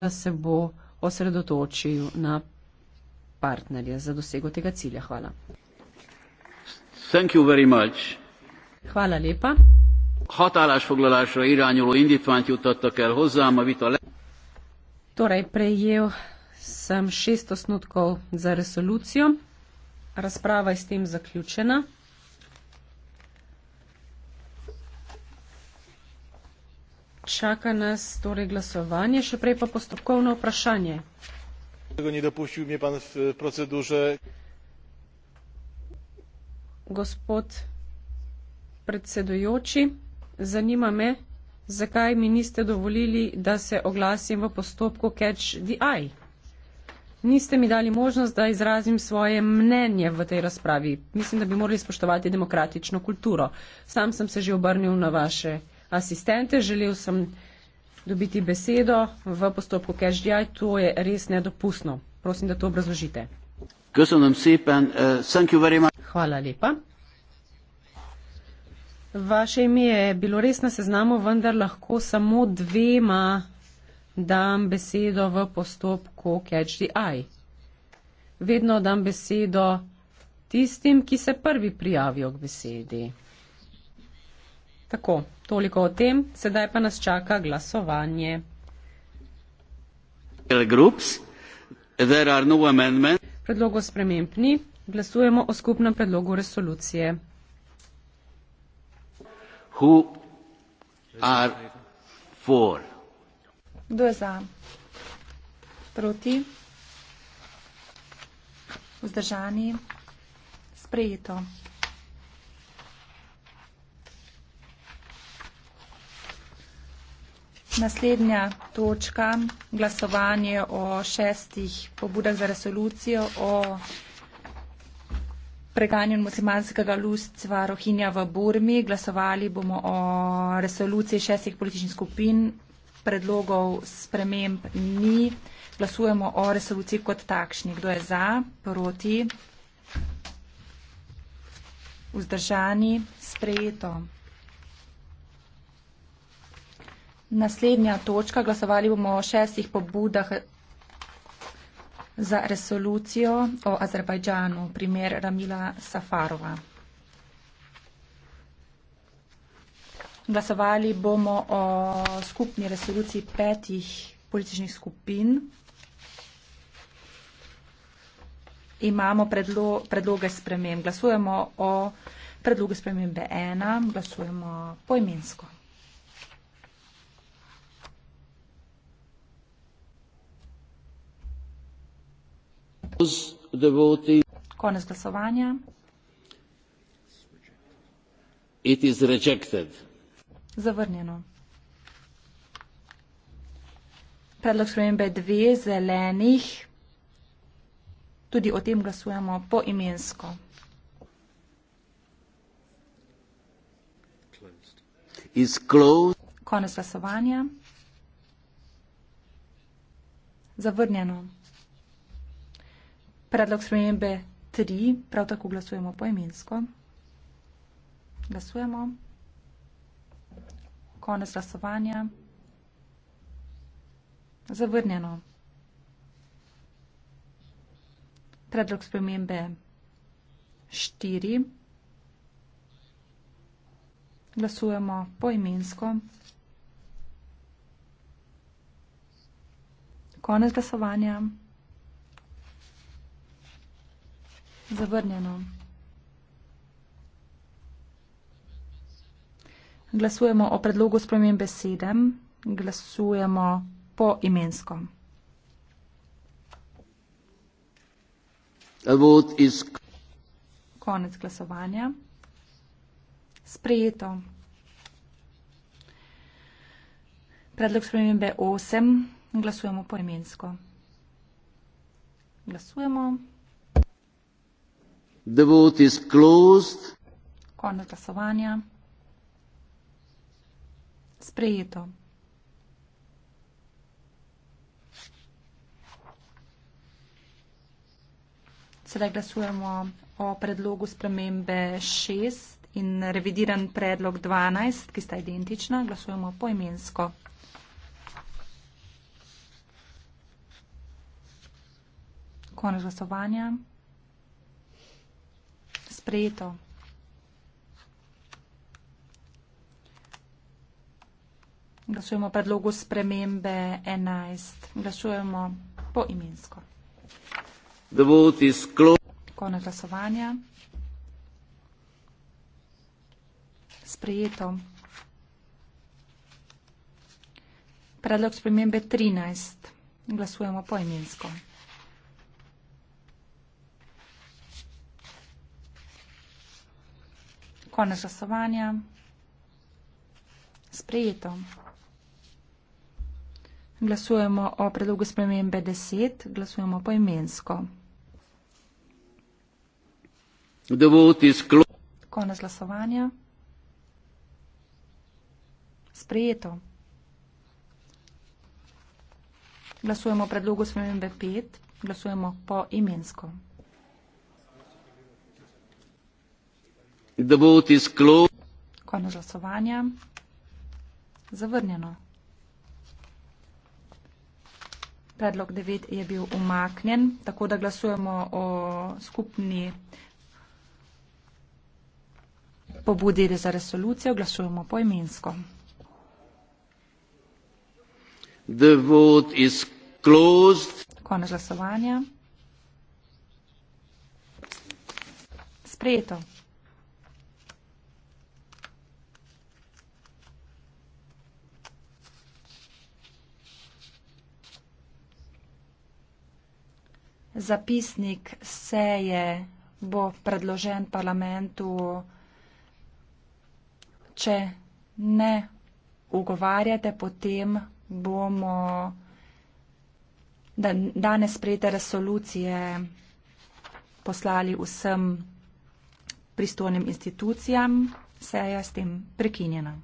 da se bo osredotočil na partnerje za dosego tega cilja. Hvala. Hvala lepa. Hat állásfoglalásra irányuló indítványt juttattak el hozzám a vita le. Torej prejel sem šest osnutkov za resolucijo. Razprava je s tem zaključena. Čaka nas torej glasovanje, še prej pa postopkovno vprašanje. Tega ni dopuščil mi pan v procedure. Gospod predsedujoči, zanima me, zakaj mi niste dovolili, da se oglasim v postopku Catch the Eye. Niste mi dali možnost, da izrazim svoje mnenje v tej razpravi. Mislim, da bi morali spoštovati demokratično kulturo. Sam sem se že obrnil na vaše asistente. Želel sem dobiti besedo v postopku cash-dj, to je res nedopustno. Prosim, da to obrazložite. Eh, Hvala lepa. Vaše ime je bilo res na seznamu, vendar lahko samo dvema dam besedo v postopku cash-dj. Vedno dam besedo tistim, ki se prvi prijavijo k besedi. Tako, toliko o tem, sedaj pa nas čaka glasovanje. No Predlogo sprememb ni, glasujemo o skupnem predlogu resolucije. Kdo je za? Proti? Vzdržani? Sprejeto. Naslednja točka, glasovanje o šestih pobudah za resolucijo o preganju muslimanskega ljudstva Rohinja v Burmi. Glasovali bomo o resoluciji šestih političnih skupin, predlogov sprememb ni. Glasujemo o resoluciji kot takšni. Kdo je za, proti, vzdržani, sprejeto. Naslednja točka, glasovali bomo o šestih pobudah za resolucijo o Azerbajdžanu, primer Ramila Safarova. Glasovali bomo o skupni resoluciji petih političnih skupin. Imamo predlo predloge sprememb. Glasujemo o predlogu spremembe 1. Glasujemo poimensko. imensko. Konec glasovanja. It is rejected. Zavrnjeno. Predlog spremembe dve zelenih. Tudi o tem glasujemo po imensko. Konec glasovanja. Zavrnjeno. Predlog spremembe tri, prav tako glasujemo poimensko. Glasujemo. Konec glasovanja. Zavrnjeno. Predlog spremembe štiri. Glasujemo poimensko. Konec glasovanja. Zavrnjeno. Glasujemo o predlogu spremembe sedem. Glasujemo po imensko. Is... Konec glasovanja. Sprejeto. Predlog spremembe osem. Glasujemo po imensko. Glasujemo. The vote is closed. Konec glasovanja. Sprejeto. Sedaj glasujemo o predlogu spremembe 6 in revidiran predlog 12, ki sta identična. Glasujemo poimensko. Konec glasovanja sprejeto. Glasujemo predlogu spremembe 11. Glasujemo po imensko. Konec glasovanja. Sprejeto. Predlog spremembe 13. Glasujemo po imensko. Konec glasovanja. Sprejeto. Glasujemo o predlogu spremembe 10. Glasujemo poimensko. Konec glasovanja. Sprejeto. Glasujemo o predlogu spremembe 5. Glasujemo poimensko. imensko. Konec glasovanja. Zavrnjeno. Predlog 9 je bil umaknjen, tako da glasujemo o skupni pobudi za resolucijo. Glasujemo poimensko. Konec glasovanja. Sprejeto. zapisnik seje bo predložen parlamentu, če ne ugovarjate, potem bomo danes sprejete resolucije poslali vsem pristojnim institucijam. Seja s tem prekinjena.